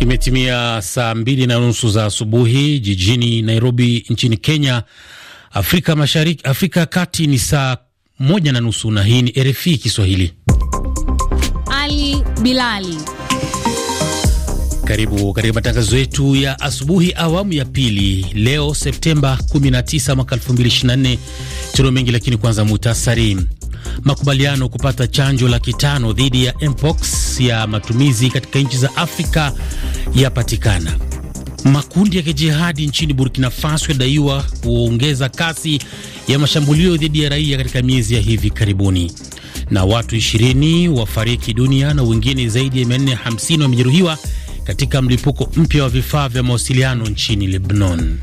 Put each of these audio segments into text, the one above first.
Imetimia saa mbili na nusu za asubuhi jijini Nairobi nchini Kenya. Afrika Mashariki, Afrika ya Kati ni saa moja na nusu, na hii ni RFI Kiswahili. Ali Bilali, karibu katika matangazo yetu ya asubuhi awamu ya pili, leo Septemba 19 mwaka 2024. Tuna mengi lakini kwanza muhtasari Makubaliano kupata chanjo laki tano dhidi ya mpox ya matumizi katika nchi za Afrika yapatikana. Makundi ya kijihadi nchini Burkina Faso yadaiwa kuongeza kasi ya mashambulio dhidi ya raia katika miezi ya hivi karibuni. Na watu 20 wafariki dunia na wengine zaidi ya 450 wamejeruhiwa katika mlipuko mpya wa vifaa vya mawasiliano nchini Lebanon.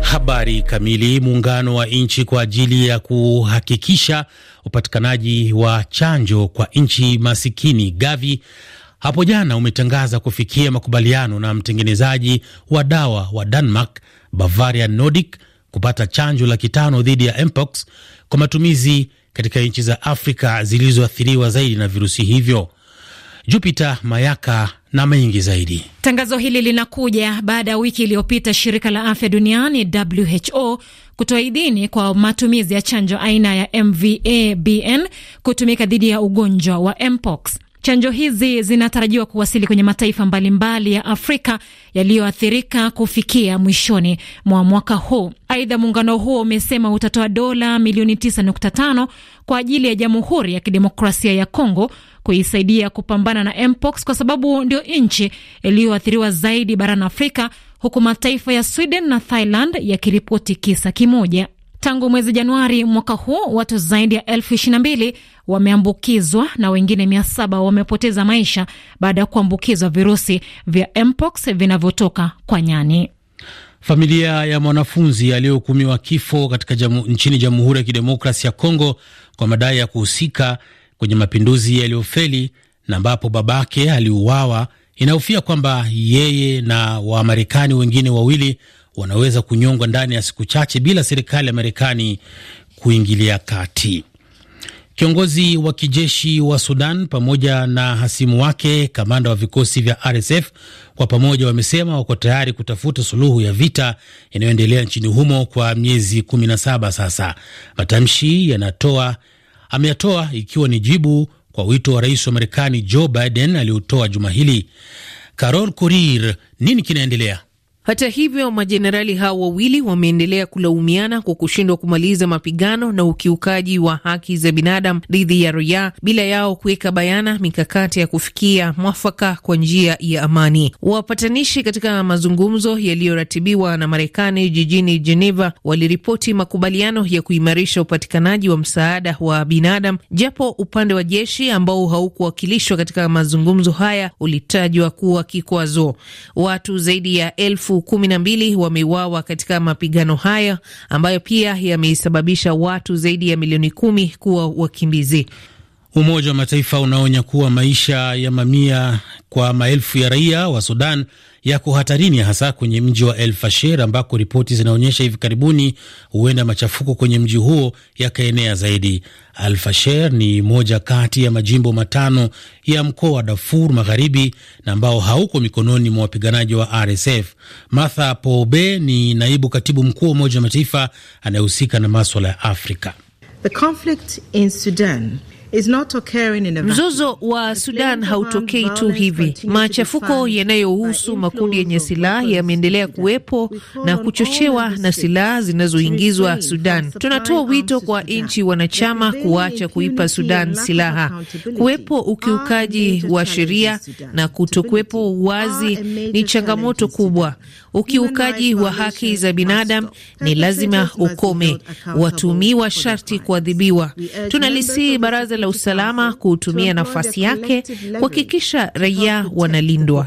Habari kamili. Muungano wa nchi kwa ajili ya kuhakikisha upatikanaji wa chanjo kwa nchi masikini Gavi hapo jana umetangaza kufikia makubaliano na mtengenezaji wa dawa wa Denmark Bavaria Nordic kupata chanjo laki tano dhidi ya mpox kwa matumizi katika nchi za Afrika zilizoathiriwa zaidi na virusi hivyo. Jupiter Mayaka na mengi zaidi. Tangazo hili linakuja baada ya wiki iliyopita shirika la afya duniani WHO kutoa idhini kwa matumizi ya chanjo aina ya MVABN kutumika dhidi ya ugonjwa wa mpox. Chanjo hizi zinatarajiwa kuwasili kwenye mataifa mbalimbali ya Afrika yaliyoathirika kufikia mwishoni mwa mwaka huu. Aidha, muungano huo umesema utatoa dola milioni 9.5 kwa ajili ya Jamhuri ya Kidemokrasia ya Kongo kuisaidia kupambana na mpox kwa sababu ndio nchi iliyoathiriwa zaidi barani Afrika, huku mataifa ya Sweden na Thailand yakiripoti kisa kimoja. Tangu mwezi Januari mwaka huu watu zaidi ya elfu ishirini na mbili wameambukizwa na wengine mia saba wamepoteza maisha baada ya kuambukizwa virusi vya mpox vinavyotoka kwa nyani. Familia ya mwanafunzi aliyehukumiwa kifo katika jamu, nchini Jamhuri ya Kidemokrasi ya Kongo kwa madai ya kuhusika kwenye mapinduzi yaliyofeli na ambapo babake aliuawa inahofia kwamba yeye na Wamarekani wengine wawili wanaweza kunyongwa ndani ya siku chache bila serikali ya Marekani kuingilia kati. Kiongozi wa kijeshi wa Sudan pamoja na hasimu wake kamanda wa vikosi vya RSF kwa pamoja wamesema wako tayari kutafuta suluhu ya vita inayoendelea nchini humo kwa miezi 17 sasa. Matamshi yanatoa ameyatoa ikiwa ni jibu kwa wito wa rais wa Marekani Joe Biden aliotoa juma hili. Carol Korir, nini kinaendelea? Hata hivyo, majenerali hao wawili wameendelea kulaumiana kwa kushindwa kumaliza mapigano na ukiukaji wa haki za binadamu dhidi ya raia bila yao kuweka bayana mikakati ya kufikia mwafaka kwa njia ya amani. Wapatanishi katika mazungumzo yaliyoratibiwa na Marekani jijini Geneva waliripoti makubaliano ya kuimarisha upatikanaji wa msaada wa binadamu, japo upande wa jeshi ambao haukuwakilishwa katika mazungumzo haya ulitajwa kuwa kikwazo. Watu zaidi ya elfu kumi na mbili wameuawa katika mapigano haya ambayo pia yamesababisha watu zaidi ya milioni kumi kuwa wakimbizi. Umoja wa Mataifa unaonya kuwa maisha ya mamia kwa maelfu ya raia wa Sudan yako hatarini, hasa kwenye mji wa El Fasher ambako ripoti zinaonyesha hivi karibuni huenda machafuko kwenye mji huo yakaenea zaidi. Al Fasher ni moja kati ya majimbo matano ya mkoa wa Darfur Magharibi na ambao hauko mikononi mwa wapiganaji wa RSF. Martha Pobe ni naibu katibu mkuu wa Umoja wa Mataifa anayehusika na maswala ya Afrika. The conflict in Sudan Mzozo wa Sudan hautokei tu hivi. Machafuko yanayohusu makundi yenye silaha yameendelea kuwepo na kuchochewa na silaha zinazoingizwa Sudan. Tunatoa wito kwa nchi wanachama kuacha kuipa Sudan silaha. Kuwepo ukiukaji wa sheria na kutokuwepo uwazi ni changamoto kubwa. Ukiukaji wa haki za binadamu ni lazima ukome. Watumiwa sharti kuadhibiwa. Tunalisii baraza la usalama kuutumia nafasi yake kuhakikisha raia wanalindwa.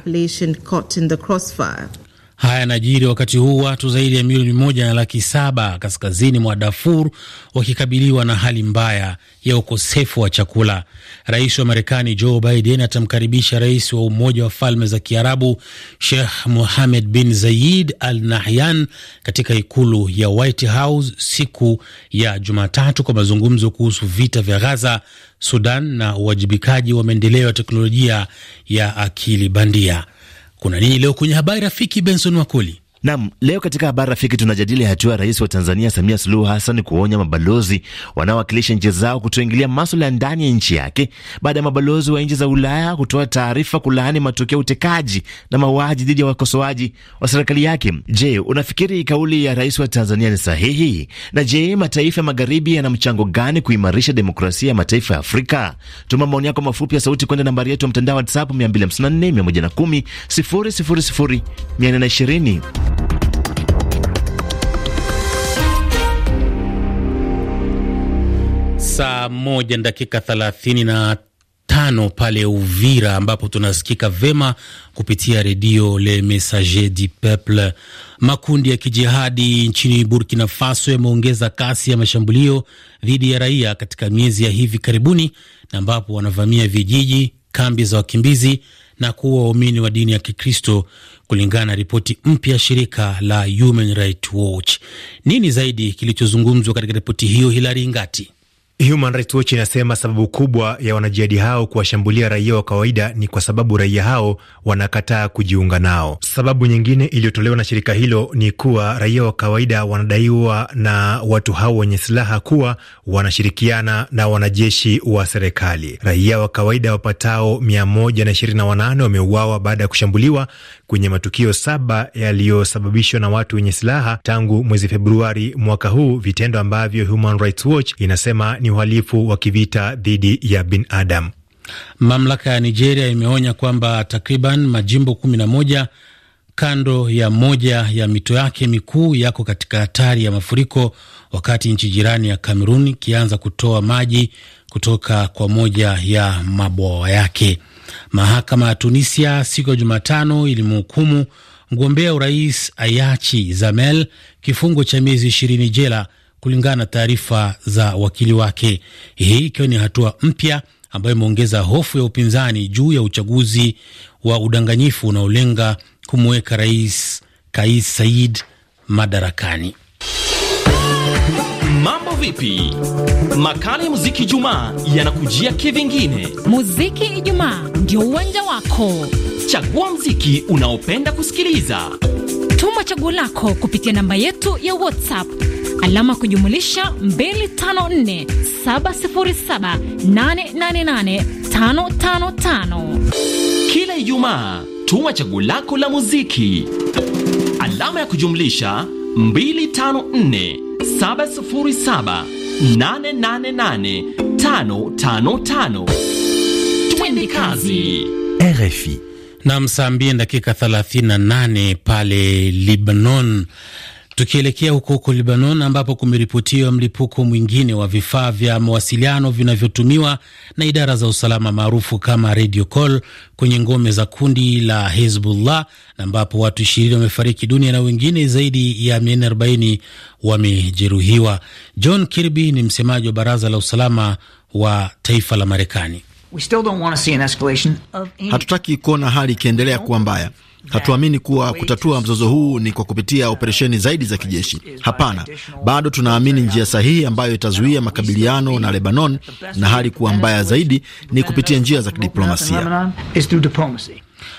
Haya yanajiri wakati huu watu zaidi ya milioni moja na laki saba kaskazini mwa Darfur wakikabiliwa na hali mbaya ya ukosefu wa chakula. Rais wa Marekani Joe Biden atamkaribisha rais wa Umoja wa Falme za Kiarabu Sheikh Mohammed bin Zayid Al Nahyan katika ikulu ya White House siku ya Jumatatu kwa mazungumzo kuhusu vita vya Ghaza, Sudan na uwajibikaji wa maendeleo ya teknolojia ya akili bandia. Kuna nini leo kwenye habari rafiki? Benson Wakoli. Nam, leo katika habari rafiki tunajadili hatua ya rais wa Tanzania Samia Suluhu Hassan kuonya mabalozi wanaowakilisha nchi zao kutoingilia maswala ya ndani ya nchi yake baada ya mabalozi wa nchi za Ulaya kutoa taarifa kulaani matokeo ya utekaji na mauaji dhidi ya wakosoaji wa serikali yake. Je, unafikiri kauli ya rais wa Tanzania ni sahihi? Na je, mataifa ya magharibi yana mchango gani kuimarisha demokrasia ya mataifa ya Afrika? Tuma maoni yako mafupi ya sauti kwenda nambari yetu ya mtandao WhatsApp 254 110 000 420. moja na dakika thelathini na tano pale Uvira ambapo tunasikika vema kupitia redio Le Messager du Peuple. Makundi ya kijihadi nchini Burkina Faso yameongeza kasi ya mashambulio dhidi ya raia katika miezi ya hivi karibuni, na ambapo wanavamia vijiji, kambi za wakimbizi na kuwa waumini wa dini ya Kikristo, kulingana na ripoti mpya shirika la Human Rights Watch. Nini zaidi kilichozungumzwa katika ripoti hiyo, Hilari Ngati? Human Rights Watch inasema sababu kubwa ya wanajihadi hao kuwashambulia raia wa kawaida ni kwa sababu raia hao wanakataa kujiunga nao. Sababu nyingine iliyotolewa na shirika hilo ni kuwa raia wa kawaida wanadaiwa na watu hao wenye silaha kuwa wanashirikiana na wanajeshi wa serikali. Raia wa kawaida wapatao 128 wameuawa baada ya kushambuliwa kwenye matukio saba yaliyosababishwa na watu wenye silaha tangu mwezi Februari mwaka huu, vitendo ambavyo Human Rights Watch inasema ni uhalifu wa kivita dhidi ya binadamu. Mamlaka ya Nigeria imeonya kwamba takriban majimbo kumi na moja kando ya moja ya mito yake mikuu yako katika hatari ya mafuriko, wakati nchi jirani ya Kamerun ikianza kutoa maji kutoka kwa moja ya mabwawa yake. Mahakama ya Tunisia siku ya Jumatano ilimhukumu mgombea urais Ayachi Zamel kifungo cha miezi ishirini jela kulingana na taarifa za wakili wake, hii ikiwa ni hatua mpya ambayo imeongeza hofu ya upinzani juu ya uchaguzi wa udanganyifu unaolenga kumweka Rais Kais said madarakani. Mambo vipi? Makala ya muziki Ijumaa yanakujia kivingine. Muziki Ijumaa ndio uwanja wako. Chagua mziki unaopenda kusikiliza, tuma chaguo lako kupitia namba yetu ya WhatsApp alama kujumulisha 254 Kila Ijumaa tuma chaguo lako la muziki alama ya kujumlisha 254 707 Twende kazi. RFI saa mbili dakika 38 pale libanon Tukielekea huko huko Lebanon ambapo kumeripotiwa mlipuko mwingine wa vifaa vya mawasiliano vinavyotumiwa na idara za usalama maarufu kama radio call kwenye ngome za kundi la Hezbollah na ambapo watu ishirini wamefariki dunia na wengine zaidi ya 440 wamejeruhiwa. John Kirby ni msemaji wa baraza la usalama wa taifa la Marekani. Hatutaki kuona hali ikiendelea kuwa mbaya Hatuamini kuwa kutatua mzozo huu ni kwa kupitia operesheni zaidi za kijeshi. Hapana, bado tunaamini njia sahihi ambayo itazuia makabiliano na Lebanon na hali kuwa mbaya zaidi ni kupitia njia za kidiplomasia.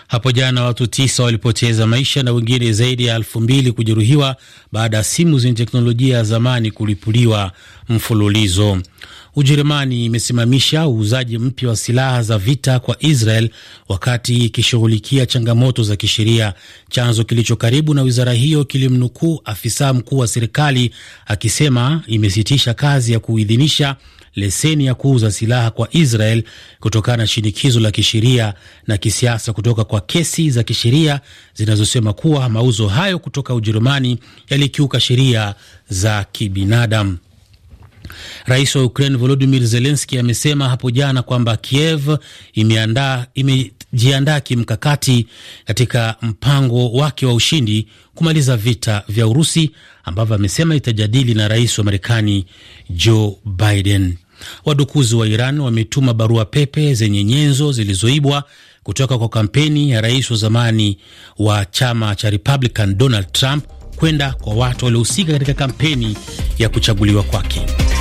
Hapo jana watu tisa walipoteza maisha na wengine zaidi ya elfu mbili kujeruhiwa baada ya simu zenye teknolojia ya zamani kulipuliwa mfululizo. Ujerumani imesimamisha uuzaji mpya wa silaha za vita kwa Israel wakati ikishughulikia changamoto za kisheria. Chanzo kilicho karibu na wizara hiyo kilimnukuu afisa mkuu wa serikali akisema imesitisha kazi ya kuidhinisha leseni ya kuuza silaha kwa Israel kutokana na shinikizo la kisheria na kisiasa kutoka kwa kesi za kisheria zinazosema kuwa mauzo hayo kutoka Ujerumani yalikiuka sheria za kibinadamu. Rais wa Ukraine Volodymyr Zelensky amesema hapo jana kwamba Kiev imeandaa imejiandaa kimkakati katika mpango wake wa ushindi kumaliza vita vya Urusi ambavyo amesema itajadili na rais wa Marekani Joe Biden. Wadukuzi wa Iran wametuma barua pepe zenye nyenzo zilizoibwa kutoka kwa kampeni ya rais wa zamani wa chama cha Republican Donald Trump kwenda kwa watu waliohusika katika kampeni ya kuchaguliwa kwake.